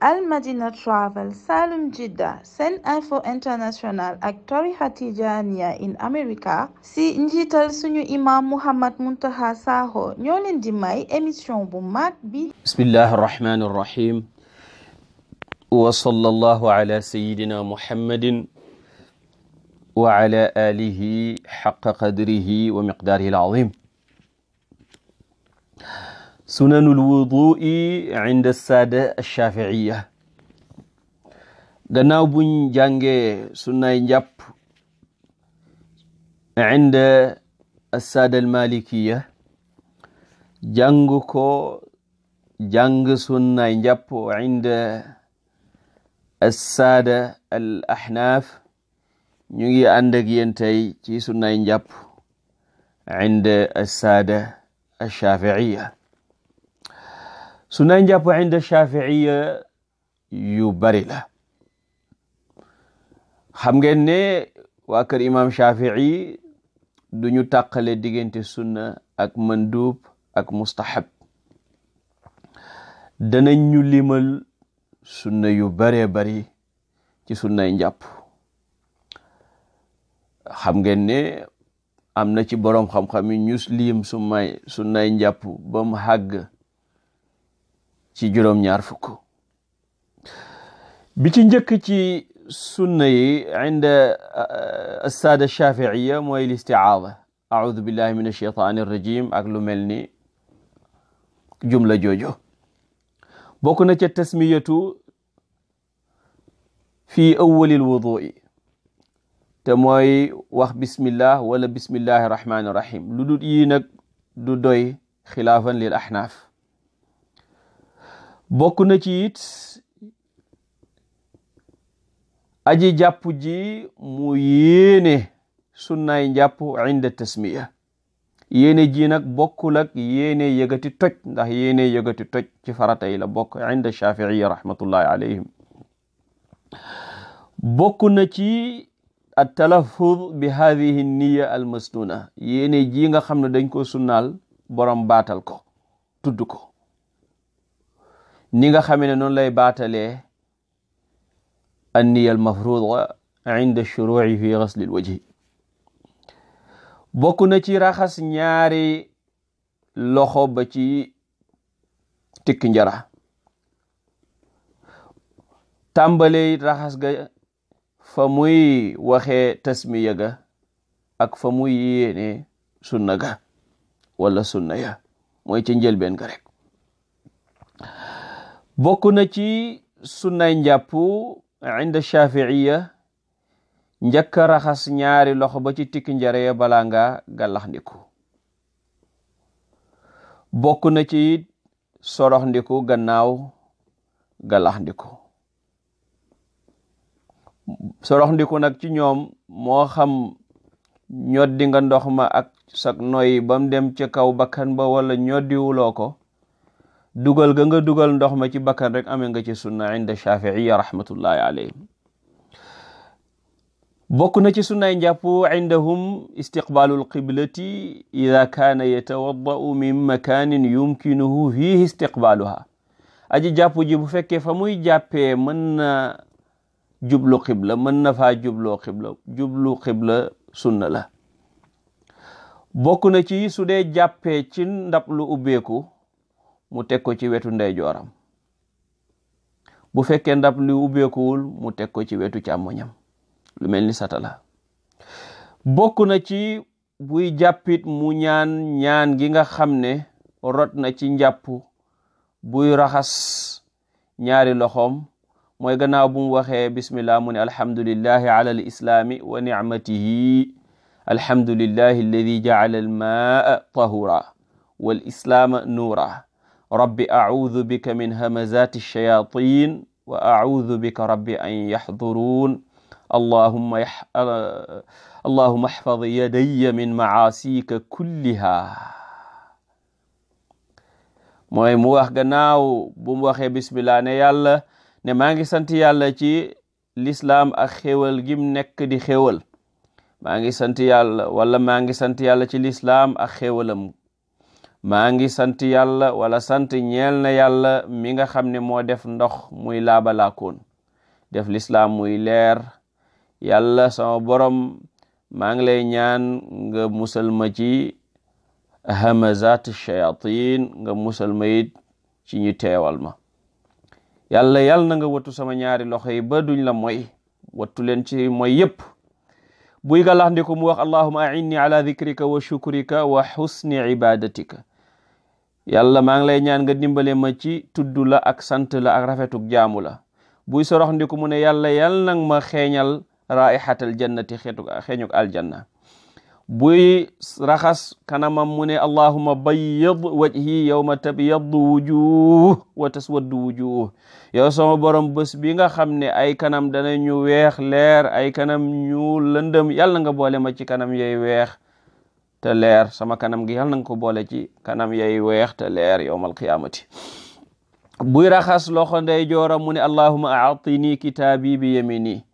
al madina travel salum jidda sen info international ak tarixa tijaniya in america si njiital suñu imam muhammad muntaha sakho ñoo leen di may émission bu mag bi bismillahi arrahmani arrahim wa sallallahu ala sayidina muhammadin wa ala alihi xaqa qadrihi wa miqdaarihi alazim sunanul wudui inda saada shafiiya gannaaw buñ jàngee sunnay njàpp inda assaada almalikiya jàng ko jàng sunnay njàpp inda assaada al ahnaaf ñu ngi ànd ak yéen tey ci sunnay njàpp inda assaada sunay njàpp inda shafiiya yu bari la xam ngeen ne waa kër imam shafii du ñu tàqale diggante sunna ak mandub ak mustahab danañ ñu limal sunna yu baree bari ci sunnay njàpp xam ngeen ne am na ci boroom xam-xam yi ñu lim sunnay sunnay njàpp ba mu xàgg ci juróom-ñaar fukk bi ci njëkk ci sunna yi inda uh, assaada shafiiya mooy listiaada audu billahi min alsheitan irrajim ak lu mel ni jumla joojo bokk na ca tasmiyatu fi awali lwudui te mooy wax bismillah wala bismillahi irrahmani irrahim lu dul yii du doy xilaafan lil axnaaf bokk na ci it aji jàpp ji mu yéene sunnaay njàpp inda tasmiya yéene ji nag bokkul ak yéene yëgati toj ndax yéene yëgati toj ci farata yi la bokk inda shafiiya rahmatullahi alayhim bokk na ci attalafuz bi hadihi niya almasnuna yéene ji nga xam ne dañ ko sunnaal borom baatal ko tudd ko ni nga xamee ne noonu lay baatalee anniya almafruda inda shuruci fi gasli alwajhi bokk na ci raxas ñaari loxo ba ci tikki njara tàmbalee raxas ga fa muy waxee tasmiya ga ak fa muy yéene sunna ga wala sunna ya mooy ci njëlbeen ga rek bokk na ci sunnay njàpp inda shafiiya njëkk a raxas ñaari loxo ba ci tikki njare ya balaa nga gàllax ndiku bokk na ci sorox ndiku gannaaw gàllax ndiku sorox ndiku nag ci ñoom moo xam ñoddi nga ndox ma ak sag noy bam dem ca kaw bakkan ba wala ñoddiwuloo ko dugal ga nga dugal ndox ma ci bakkan rek amee nga ci sunna inda shafiiya rahmatullahi alayhim bokk na ci sunnaay njàpp indahum istiqbaalu alqiblati ida kaana yatawaddau min makanin yumkinuhu fihi istiqbaaluha aji jàpp ji bu fekkee fa muy jàppee mën na jublu qibla mën na faa jubloo qibla jublu qibla sunna la bokk na ci su dee jàppee ci ndab lu ubbeeku mu teg ko ci wetu ndeyjooram bu fekkee ndab li ubbeekuwul mu teg ko ci wetu càmmoñam lu mel ni satala bokk na ci buy jàppit mu ñaan ñaan gi nga xam ne rot na ci njàpp buy raxas ñaari loxom mooy gannaaw bu mu waxee bismillah mu ne alhamdulillahi ala al islaami wa nicmatihi alhamdulillahi alladi jaala almaa wal islaama nuura rabbi acuudu bika min hamazaati shayaatiin wa acuudu bika rabbi an yaxduruun allahumma uh, allahumma axfad yadaya min macaasika kulliha mooy mu wax gannaaw bu mu waxee bismillah ne yàlla ne maa ngi sant yàlla ci lislaam ak xéwal gim nekk di xéwal maa ngi sant yàlla wala maa ngi sant yàlla ci lislaam ak xéwalam maa ngi sant yàlla wala sant ñeel na yàlla mi nga xam ne moo def ndox muy laabalaakoon def lislaam muy leer yàlla sama borom maa ngi lay ñaan nga musal ma ci hamazat shayatin nga musal ma it ci ñu teewal ma yàlla yàlla na nga wattu sama ñaari loxo yi ba duñ la moy wattu leen ci moy yépp buy galax ndiku mu wax allahuma ainni ala dhikrika wa shukrika wa husni ibadatika yàlla maa ngi lay ñaan nga dimbale ma ci tudd la ak sant la ak rafetuk jaamu la buy sorox ndiku mu ne yàlla yàlla nag ma xeeñal raihatal jannati xeetuk xeeñuk aljanna buy raxas kanamam mu ne allahuma bayyid wajhi yawma tabyaddu wujuh wa taswaddu wujuh yow sama borom bés bi nga xam ne ay kanam dana ñu weex leer ay kanam ñu lëndëm yàlla nga boole ma ci kanam yooyu weex te leer sama kanam gi yàlla na nga ko boole ci kanam yay weex te leer yowmal qiyaamati buy raxas loxo ndey jooram mu ne allahuma aatini kitaabi bi yamini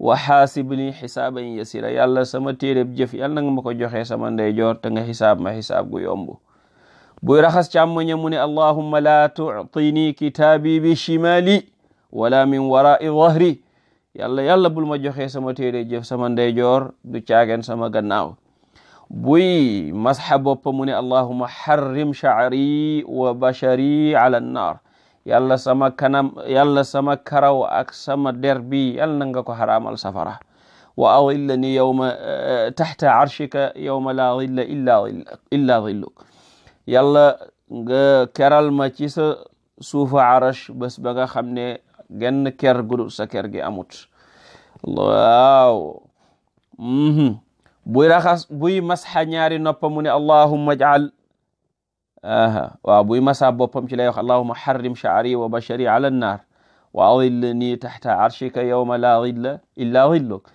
wa xaasibni xisaaban yasira yàlla sama téereb jëf yàlla na nga ma ko joxee sama ndey joor te nga xisaab ma xisaab gu yomb buy raxas càmmoña mu ne allahuma la tuctini kitaabi bi shimali wala min wara dahri yàlla yàlla bul ma joxe sama téere jëf sama ndey joor du caagen sama gannaaw buy masxa boppa mu ne allahuma xarrim sha'ri wa bashari ala nnar yàlla sama kanam yàlla sama karaw ak sama der bi yàlla na nga ko xaraamal safara wa adillani yowma eh, taxta arshika yowma laa dilla illa illa dilluk yàlla nga keral ma ci sa suufa arash bés ba nga xam ne genn ker gudu sa ker gi amut buy raxas buy masxa ñaari noppam mu ne allahumma jaal aha waaw buy masa boppam ci lay wax allahumma xarrim shaari wa bashari ala annaar wa adillani taxta arshika yowma la dilla illa dilluk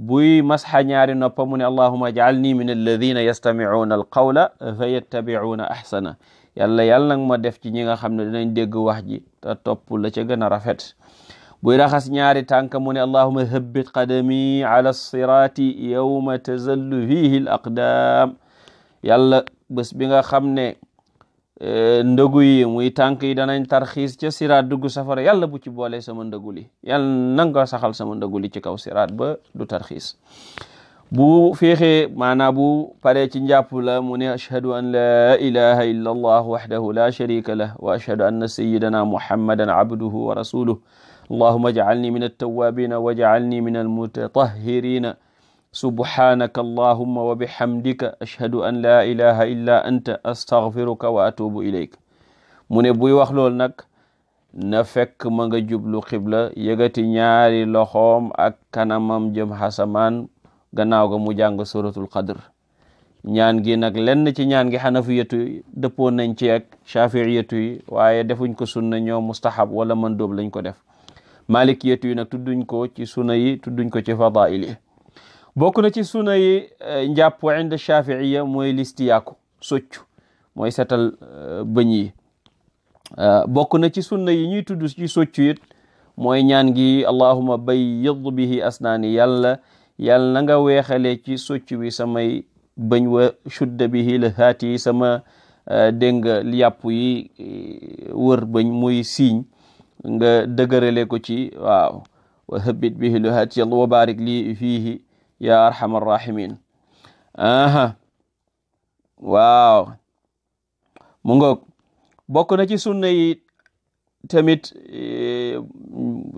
buy masxa ñaari noppam mu ne allahumma jaalni min alladina yastamicuuna alqawla fa yattabicuuna axsana yàlla yàlla nag ma def ci ñi nga xam ne dinañ dégg wax ji te topp la ca gën a rafet buy raxas ñaari tànka mu ne allahuma habbit qadami ala sirati yawma tazallu fihi al aqdaam yàlla bés bi nga xam ne e, ndëgu yi muy tànk yi danañ tarxiis ca siraat dugg safara yàlla bu ci boole sama ndëguli yàlla nanga saxal sama ndëguli ci kaw siraat ba du tarxiis bu feexee maanaa bu paree ci njàpp la mu ne ashhadu an la ilaha illa allah waxdahu la sharika lah wa ashhadu anna sayyidana muhammadan abduhu wa allahuma jcalni min altawaabina wa jcalni min almutatahirina subhanaka allahuma wa bihamdika ashhadu an laa ilaha illa anta astaghfiruka wa atubu ilayk mu ne buy wax lool nag na fekk ma nga jublu xibla yëgati ñaari loxoom ak kanamam jëm xasamaan gannaaw ga mu jàng suratul qadr ñaan gi nag lenn ci ñaan gi xanafiyatu yi dëppoon nañ ci ak shafiiyatu yi waaye defuñ ko sunna ñoom mustahab wala mandóob lañ ko def malikiyatu yi nag tudduñ ko ci suna yi tudduñ ko ci fadail yi bokk na ci suna yi e, njàpp inda shafiiya mooy listiyaaku soccu mooy setal e, bëñ yi e, bokk na ci suna yi ñuy tudd ci soccu it mooy ñaan gi allahuma bayyid bihi asnaani yàlla yàlla na nga weexale ci soccu bi samay bañ wa shudda bihi la haati sama dégg nga yàpp yi wër bañ muy siiñ nga dëgërale ko ci waaw wa thabbit bihi luhaati yàlla wa barik lii fiihi ya arhamar rahimin aha waaw mu ngoog bokk na ci sunna yi tamit eh,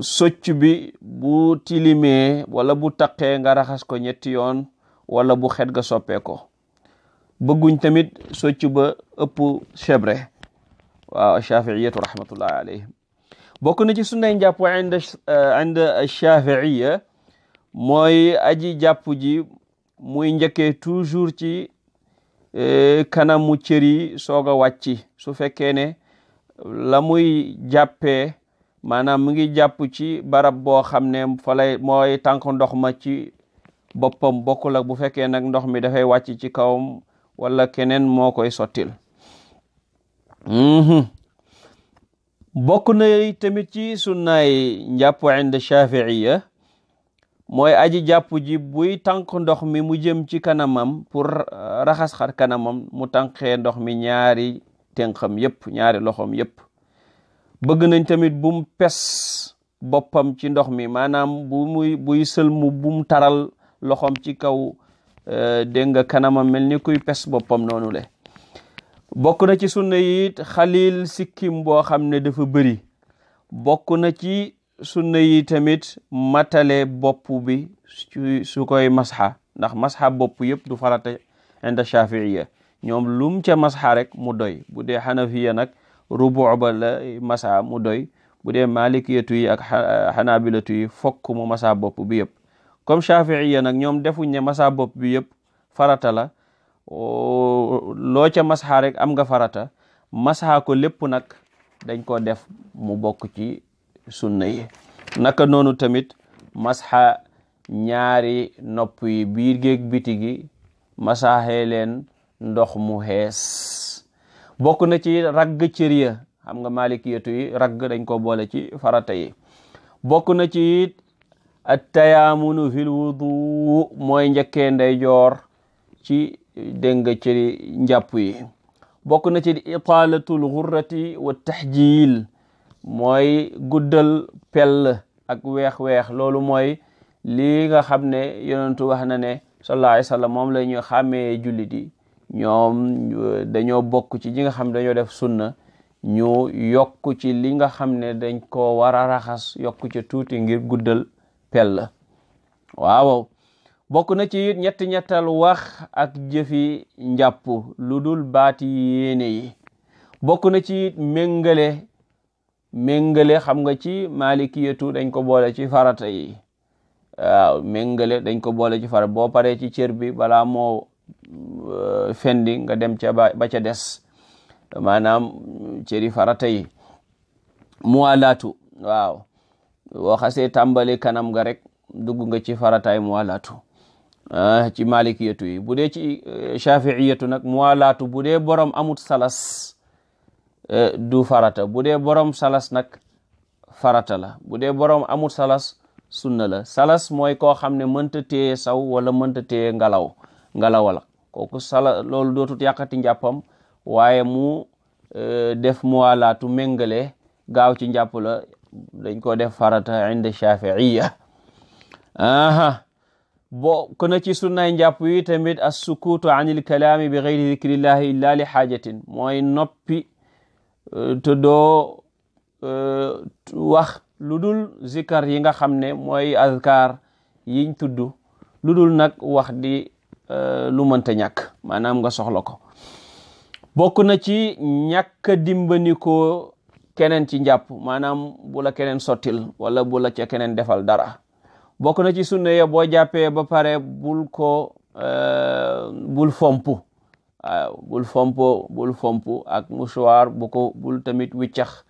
socc bi bu tilimee wala bu taqee nga raxas ko ñetti yoon wala bu xet ga soppee ko bëgguñ tamit socc ba ëpp chebre waaw shafiiyatu rahmatullahi alayhim bokk na ci sunnay njàpp inda eh, inda shafiiya mooy aji jàpp ji muy njëkkee toujours ci eh, kanamu cëri soog a wàcci su fekkee ne la muy jàppe maanaam mu ngi jàpp ci barab boo xam ne fa mooy tànk ndox ma ci boppam bokkul ak bu fekkee nag ndox mi dafay wàcc ci kawam wala keneen moo koy sottil mm-hmm. bokk na tamit ci sunnaay njàpp inda shafiiya mooy aji jàpp ji buy tànk ndox mi mu jëm ci kanamam pour raxas xar kanamam mu tànqee ndox mi ñaari tenxam yëpp ñaari loxom yëpp bëgg nañ tamit bum pes boppam ci ndox mi maanaam bu muy buy sëlmu bum taral loxom ci kaw eh, dégg nga kanamam mel ni kuy pes boppam noonu le bokk na ci sunna yi it xalil sikkim boo xam ne dafa bëri bokk na ci sunna yi tamit matale bopp bi sukoy koy masxa ndax masxa bopp yëpp du farata inda shafiiya ñoom lum ca masxa rek mu doy bu dee xanafiya nag rubu ba la mu doy bu dee malikiyatu yi ak xanabilatu yi fokk mu masa bopp bi yëpp comme shafiiya nag ñoom defuñ ne masa bopp bi yëpp farata la loo ca masaxa rek am nga farata masaxa ko lépp nag dañ ko def mu bokk ci sunna yi naka noonu tamit masaxa ñaari nopp yi biir géeg biti gi masaxee leen ndox mu xees bokk na ci ragg cër ya xam nga maalikiyatu yi ragg dañ ko boole ci farata yi bokk na ci it at tayaamunu fil wudu mooy njëkkee ndeyjoor ci dégg nga ci njàpp yi bokk na ci itaalatul xurrati wa taxjiil mooy guddal pell ak weex-weex loolu mooy lii nga xam ne yonentu wax na ne sallallahu alayhi wa sallam moom la ñu xàmmee jullit yi ñoom dañoo bokk ci ñi nga xam dañoo def sunna ñu yokk ci li nga xam ne dañ ko war a raxas yokku ci tuuti ngir guddal pell waaw bokk na ci it ñetti ñettal wax ak jëfi njàpp lu dul baati yéene yi bokk na ci it méngale méngale xam nga ci maalikiyatu dañ ko boole ci farata yi waaw méngale dañ ko boole ci farata boo paree ci cër bi balaa moo euh, fendi nga dem ca ba ca des maanaam cëri farata yi muwalaatu waaw boo xasee tàmbali kanam nga rek dugg nga ci farataay muwalaatu Ah, ci malikiyatu yi bu dee ci eh, shafiiyatu nag laatu bu dee borom amut salas eh, du farata bu dee borom salas nag farata la bu dee borom amut salas sunna la salas mooy koo xam ne mënta téye saw wala mënta téye ngalaw ngalaw la kooku sala loolu dootut yàqati njàppam waaye mu eh, def muwalaatu méngale gaaw ci njàpp la dañ ko def farata inda shafiiya bokk na ci sunnay njàpp yi tamit assukuutu anil kalaami bi gayri zikrillahi illa li xaajatin mooy noppi euh, te doo euh, wax lu dul zikar yi nga xam ne mooy azkar yiñ tudd lu dul nag wax di euh, lu mënta ñàkk maanaam nga soxla ko bokk na ci ñàkk dimbanikoo keneen ci njàpp maanaam bu la keneen sottil wala bu la ca keneen defal dara bokk na ci sunna ya boo jàppee ba pare bul ko euh, bul fomp bul fomp bul fomp ak mouchoir bu ko bul tamit wiccax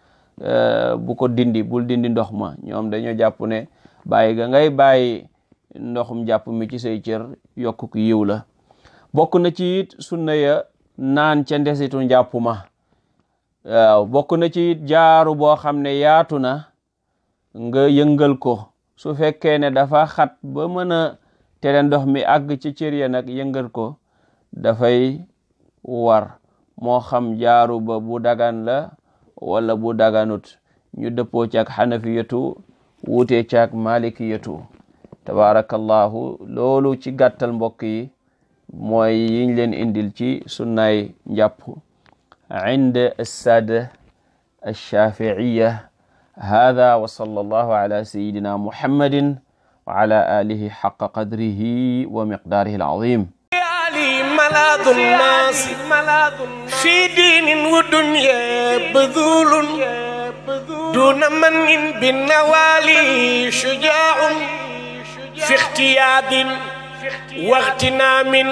euh, bu ko dindi bul dindi ndox ma ñoom dañoo jàpp ne bàyyi ga ngay bàyyi ndoxum jàpp mi ci say cër yokku yiw la bokk na ci it sunna ya naan ca ndesitu njàpp ma waaw bokk na ci it jaaru boo xam ne yaatu na nga yëngal ko su fekkee ne dafa xat ba mën a tere ndox mi àgg ci cër nag yëngal ko dafay war moo xam jaaru ba bu dagan la walla bu daganut ñu dëppoo caag xanafi yetu wuute caag maliki yetu tabaarakallahu loolu ci gàttal mbokk yi mooy yiñ leen indil ci sunnaay njàpp inde assada hada wa sallallahu ala sayidina muhammadin wa ala alihi xaqa qadrihi wa miqdaarihi alazim malaadu nnaas fi diinin wa dunya badulun duna manin binnawali shujaaun fi ixtiyaadin wa ixtinaamin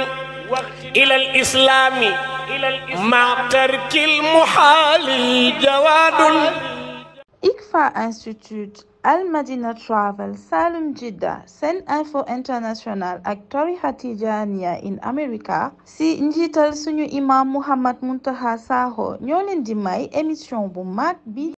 ila alislaami ma tarkil muhaali jawaadun Alpha Institute Al Madina Travel Salum Jidda Sen Info International ak tarixa Tijaaniya in America si njiital suñu imam Mouhammad Muntaqa Sakho ñoo leen di may émission bu mag bi